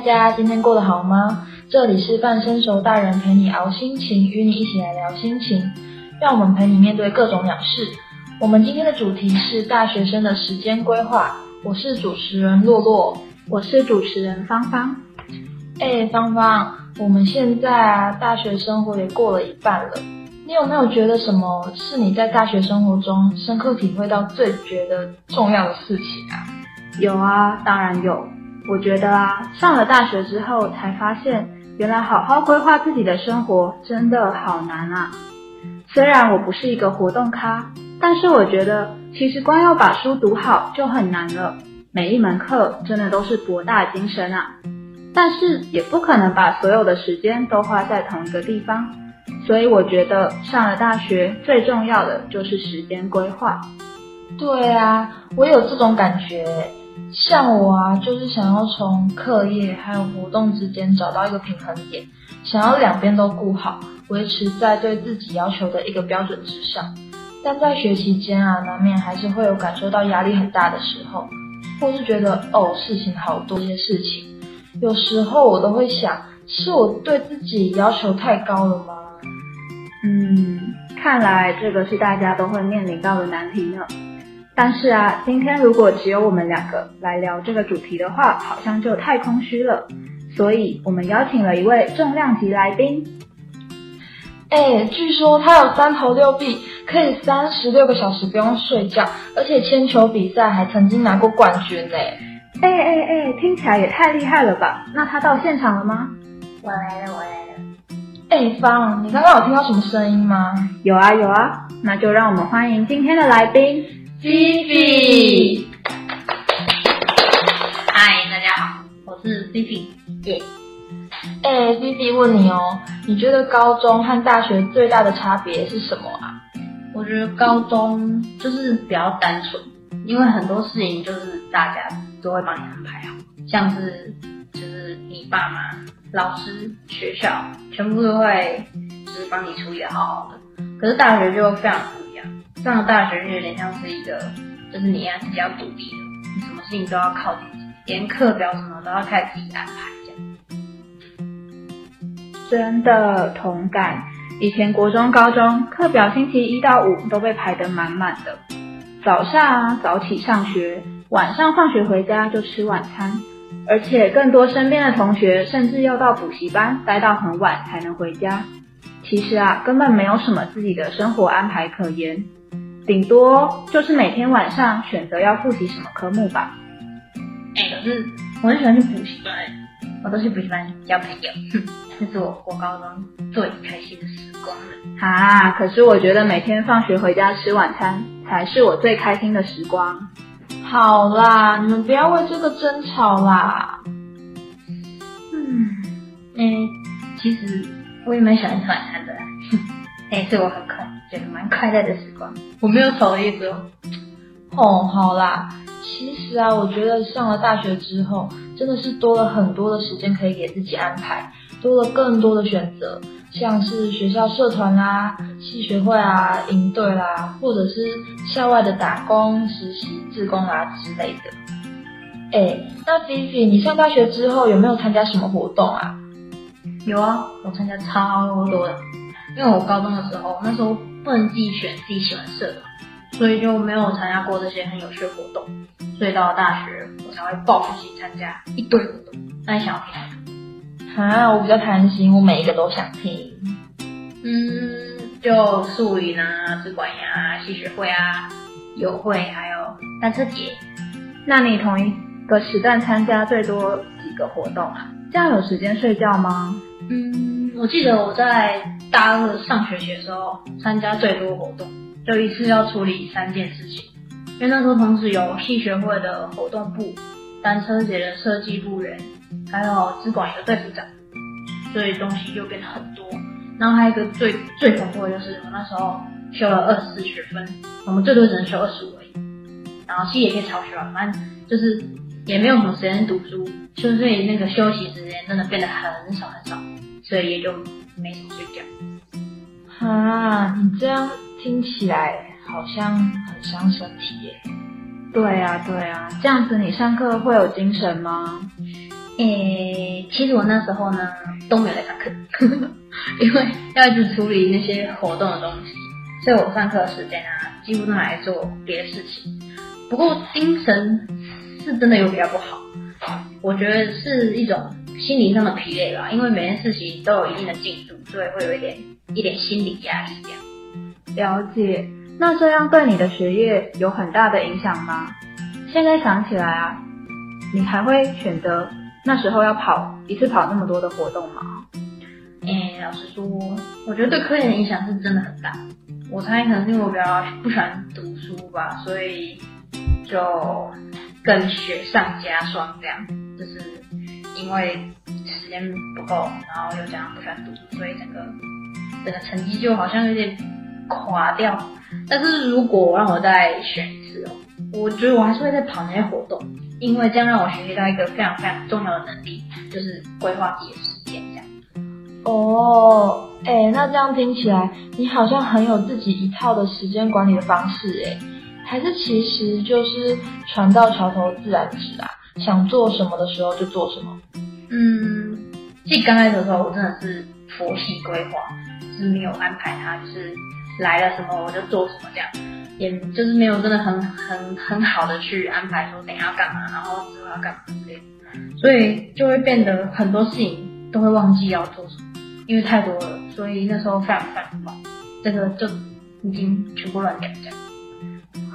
大家今天過得好嗎？這裡是半生熟大人陪你熬心情，與你一起來聊心情，讓我們陪你面對各種鳥事。我們今天的主題是大學生的時間規劃。我是主持人酪酪，我是主持人芳芳。哎，芳芳，我們現在啊，大學生活也過了一半了，你有沒有覺得什麼是你在大學生活中深刻體會到最覺得重要的事情啊？有啊，當然有。我覺得啊，上了大學之後才發現，原來好好規劃自己的生活真的好難啊。雖然我不是一個活動咖，但是我覺得，其實光要把書讀好就很難了。每一門課真的都是博大精深啊，但是也不可能把所有的時間都花在同一個地方。所以我覺得，上了大學最重要的就是時間規劃。對啊，我有這種感覺。像我啊，就是想要從課業還有活動之間找到一個平衡點，想要兩邊都顧好，維持在對自己要求的一個標準之上。但在學期間啊，難免還是會有感受到壓力很大的時候，或是覺得哦，事情好多些事情。有時候我都會想，是我對自己要求太高了嗎？嗯，看來這個是大家都會面臨到的難題呢。但是啊，今天如果只有我們兩個來聊這個主題的話，好像就太空虛了。所以，我們邀請了一位重量級來賓。哎，據說他有三頭六臂，可以三十六個小時不用睡覺，而且鉛球比賽還曾經拿過冠軍呢。哎哎哎，聽起來也太厲害了吧？那他到現場了嗎？我來了，我來了。哎，方，你剛剛有聽到什麼聲音嗎？有啊，有啊。那就讓我們歡迎今天的來賓。Fifi 嗨，Hi, 大家好，我是 Fifi 耶，哎 Fifi 問你哦，你覺得高中和大學最大的差別是什麼啊？我覺得高中就是比較單純，因為很多事情就是大家都會幫你安排好，像是就是你爸媽、老師、學校全部都會就是幫你處理得好好的。可是大學就會非常。上了大學就有點像是一個，就是你應該是比較獨立的，你什麼事情都要靠自己，連課表什麼都要開始自己安排，這樣。真的同感。以前國中、高中課表星期一到五都被排得滿滿的，早上啊早起上學，晚上放學回家就吃晚餐，而且更多身邊的同學甚至要到補習班待到很晚才能回家。其實啊，根本沒有什麼自己的生活安排可言。頂多就是每天晚上選擇要複習什麼科目吧。哎、欸，可是我很喜歡去補習班，我都是補習班交朋友，哼，這是我國高中最開心的時光了。啊，可是我覺得每天放學回家吃晚餐才是我最開心的時光。好啦，你們不要為這個爭吵啦。嗯，哎、欸，其實我也蠻喜歡吃晚餐的，哎，欸、所以我很快。蠻快樂的時光，我沒有吵了一個。哦，好啦，其實啊，我覺得上了大學之後，真的是多了很多的時間可以給自己安排，多了更多的選擇，像是學校社團啊、系學會啊、營隊啦，或者是校外的打工、實習、志工啊之類的。哎，那菲菲，你上大學之後有沒有參加什麼活動啊？有啊，我參加超多的，因為我高中的時候那時候。自己選自己喜歡社團，所以就沒有參加過這些很有趣的活動，所以到了大學我才會報復性參加一堆活動。那你想要聽？啊，我比較貪心，我每一個都想聽。嗯，就素雲啊、資管呀、戲劇會啊、友會，還有單車節。那你同一個時段參加最多幾個活動啊？這樣有時間睡覺嗎？嗯，我記得我在大二上學期的時候，參加最多活動，就一次要處理三件事情，因為那時候同時有系學會的活動部、單車節的設計部員，還有資管一個隊部長，所以東西就變得很多。然後還有一個最最恐怖的就是我那時候修了二十四學分，我們最多只能修二十五而已，然後系也可以超學分，反正就是。也沒有什麼時間讀書，所以那個休息時間真的變得很少很少，所以也就沒什麼睡覺。啊，你這樣聽起來好像很傷身體耶。對啊，對啊，這樣子你上課會有精神嗎？誒、欸，其實我那時候呢都沒來上課，因為要一直處理那些活動的東西，所以我上課的時間啊幾乎都來做別的事情。不過精神。真的有比較不好，我覺得是一種心靈上的疲累吧，因為每件事情都有一定的進度，所以會有一點一點心理壓力。了解，那這樣對你的學業有很大的影響嗎？現在想起來啊，你還會選擇那時候要跑一次跑那麼多的活動嗎？哎、欸，老實說，我覺得對科研的影響是真的很大。我猜可能是因為我比較不喜歡讀書吧，所以就。更雪上加霜，這樣就是因為時間不夠，然後又加上不想讀，所以整個整個成績就好像有點垮掉。但是如果讓我再選一次哦，我覺得我還是會再跑那些活動，因為這樣讓我學習到一個非常非常重要的能力，就是規劃自己的時間。這樣哦，哎、oh, 欸，那這樣聽起來你好像很有自己一套的時間管理的方式哎、欸。還是其實就是船到橋頭自然直啊，想做什麼的時候就做什麼。嗯，即剛開始的時候，我真的是佛系規劃，就是沒有安排他，就是來了什麼我就做什麼這樣，也就是沒有真的很很很好的去安排說等一下要幹嘛，然後之後要幹嘛之類，所以就會變得很多事情都會忘記要做什麼，因為太多了，所以那時候犯犯什麼，這個就已經全部亂掉這樣。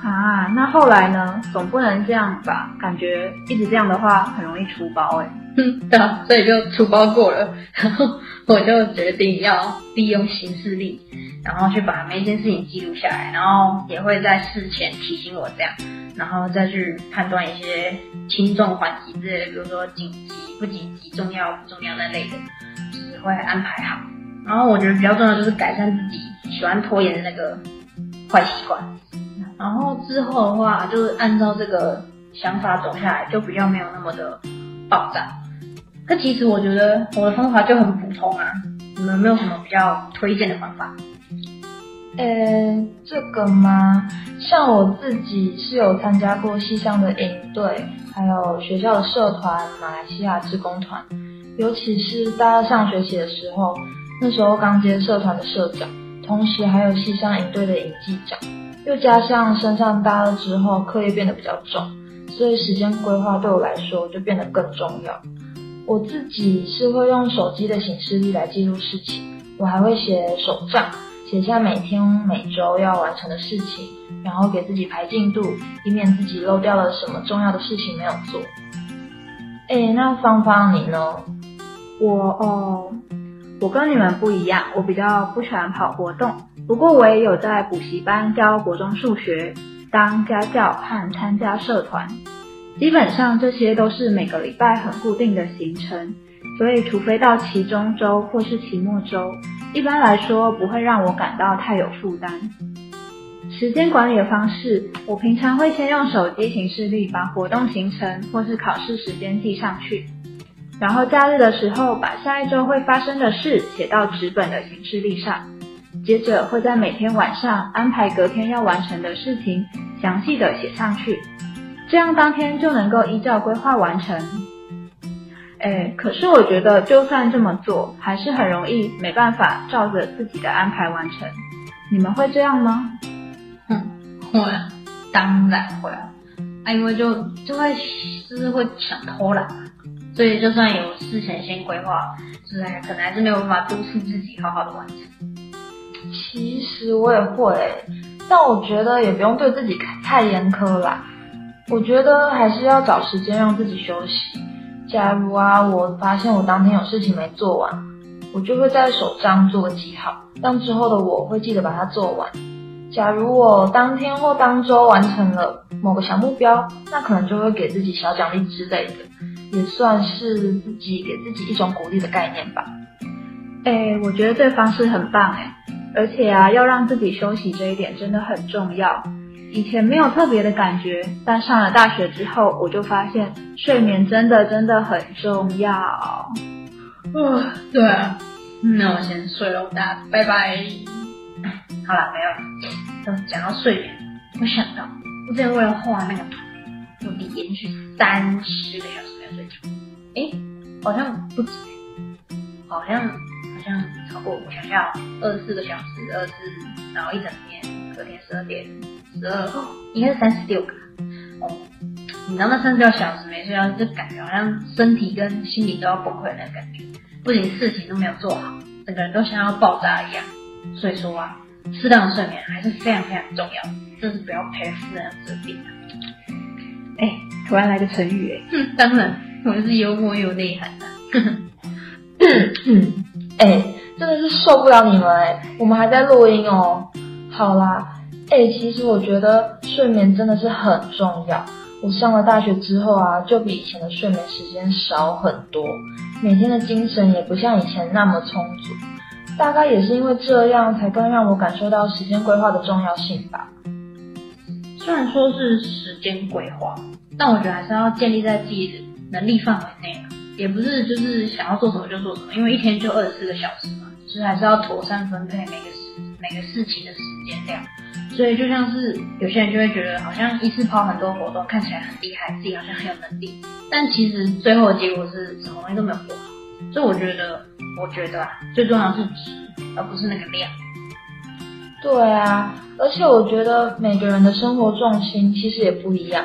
啊，那後來呢？總不能這樣吧？感覺一直這樣的話，很容易出包哎、欸。嗯，對啊，所以就出包過了。然後我就決定要利用行事曆，然後去把每一件事情記錄下來，然後也會在事前提醒我這樣，然後再去判斷一些輕重緩急之類的，比如說緊急不緊急、重要不重要那類的，就是會安排好。然後我覺得比較重要就是改善自己喜歡拖延的那個壞習慣。然後之後的話，就是、按照這個想法走下來，就比較沒有那麼的爆炸。那其實我覺得我的方法就很普通啊，你們有沒有什麼比較推薦的方法？呃、欸，這個嘛，像我自己是有參加過西鄉的營隊，還有學校的社團馬來西亞志工團，尤其是大二上學期的時候，那時候剛接社團的社長，同時還有西鄉營隊的營期長。又加上身上搭了之後，課業變得比較重，所以時間規劃對我來說就變得更重要。我自己是會用手機的行事曆來記錄事情，我還會寫手帳，寫下每天、每周要完成的事情，然後給自己排進度，以免自己漏掉了什麼重要的事情沒有做。哎、欸，那芳芳你呢？我哦、呃，我跟你們不一樣，我比較不喜歡跑活動。不過我也有在補習班教國中數學，當家教和參加社團，基本上這些都是每個禮拜很固定的行程，所以除非到期中周或是期末周，一般來說不會讓我感到太有負擔。時間管理的方式，我平常會先用手機行事曆把活動行程或是考試時間記上去，然後假日的時候把下一周會發生的事寫到紙本的行事曆上。接着會在每天晚上安排隔天要完成的事情，詳細的寫上去，這樣當天就能夠依照規劃完成。哎，可是我覺得就算這麼做，還是很容易沒辦法照着自己的安排完成。你們會這樣嗎？哼、嗯，會了，當然會了。哎、啊，因為就就會、就是會想偷懶，所以就算有事前先規劃，是哎，可能還是沒有辦法督促自己好好的完成。其實我也會，但我覺得也不用對自己太嚴苛啦。我覺得還是要找時間讓自己休息。假如啊，我發現我當天有事情沒做完，我就會在手賬做個記號，讓之後的我會記得把它做完。假如我當天或當周完成了某個小目標，那可能就會給自己小獎勵之類的，也算是自己給自己一種鼓勵的概念吧。哎、欸，我覺得這方式很棒哎、欸。而且啊，要讓自己休息這一點真的很重要。以前沒有特別的感覺，但上了大學之後，我就發現睡眠真的真的很重要。啊、呃，對、嗯，那我先睡了，大家拜拜。好了，沒有了，都講到睡眠，我想到我之前為了畫那個圖，我連續三十個小時沒有睡覺，哎、欸，好像不止，好像。像超過 5, 我想要二十四個小時，二十然後一整天，隔天十二點十二號，12, 應該是三十六個。哦、嗯，你知道那三十六小時沒睡覺，就感覺好像身體跟心理都要崩潰的感覺，不僅事情都沒有做好，整個人都像要爆炸一樣。所以說啊，適當的睡眠還是非常非常重要就是不要賠夫人折兵、啊。哎、欸，突然來個成語哎、欸嗯，當然，我就是幽默又有內涵的。呵呵 嗯欸，真的是受不了你們欸！我們還在錄音哦。好啦，欸，其實我覺得睡眠真的是很重要。我上了大學之後啊，就比以前的睡眠時間少很多，每天的精神也不像以前那麼充足。大概也是因為這樣，才更讓我感受到時間規劃的重要性吧。雖然說是時間規劃，但我覺得還是要建立在自己的能力範圍內。也不是就是想要做什麼就做什麼，因為一天就二十四個小時嘛，所以還是要妥善分配每個時每個事情的時間量。所以就像是有些人就會覺得好像一次跑很多活動，看起來很厲害，自己好像很有能力，但其實最後的結果是什麼東西都沒有做好。所以我覺得，我覺得啊，最重要是質，而不是那個量。對啊，而且我覺得每個人的生活重心其實也不一樣，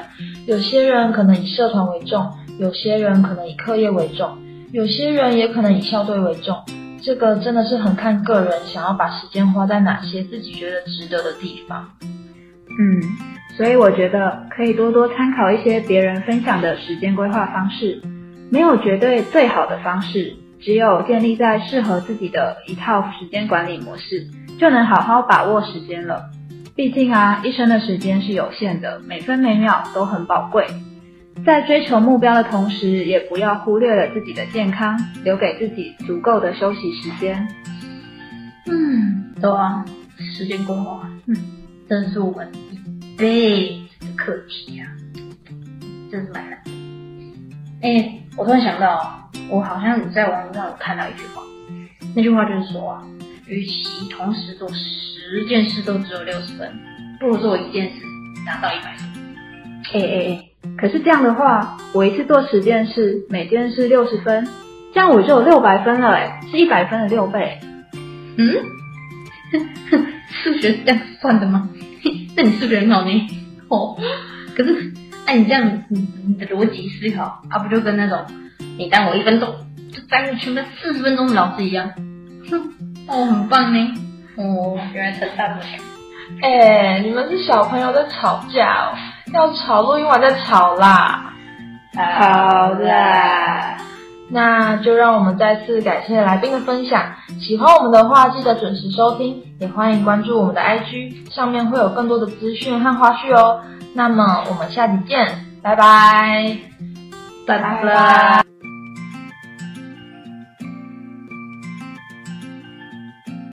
有些人可能以社團為重，有些人可能以課業為重，有些人也可能以校隊為重，這個真的是很看個人想要把時間花在哪些自己覺得值得的地方。嗯，所以我覺得可以多多參考一些別人分享的時間規劃方式，沒有絕對最好的方式，只有建立在適合自己的一套時間管理模式。就能好好把握時間了，畢竟啊，一生的時間是有限的，每分每秒都很寶貴。在追求目標的同時，也不要忽略了自己的健康，留給自己足夠的休息時間。嗯，走啊，時間管理，嗯，真是我們一輩子的課題啊。真是難哎，欸，我突然想到，我好像在網絡上有看到一句話，那句話就是說啊。與其同時做十件事都只有六十分，不如做一件事拿到一百分。哎哎哎！可是這樣的話，我一次做十件事，每件事六十分，這樣我就有六百分了，欸，哎，是一百分的六倍。嗯，哼 數學是這樣算的嗎？ 那你數學很好呢。哦，可是按你這樣你的邏輯思考，阿，啊，不就跟那種你耽誤我一分鐘，就耽誤全班四十分鐘的老師一樣。哼，嗯。哦、嗯，很棒呢！哦、嗯，原來成大了。哎、欸，你們是小朋友在吵架，哦，要吵錄音完再吵啦。好的，那就讓我們再次感謝來賓的分享。喜歡我們的話，記得準時收聽，也歡迎關注我們的 IG，上面會有更多的資訊和花絮哦。那麼我們下期見，拜拜，拜拜。啦！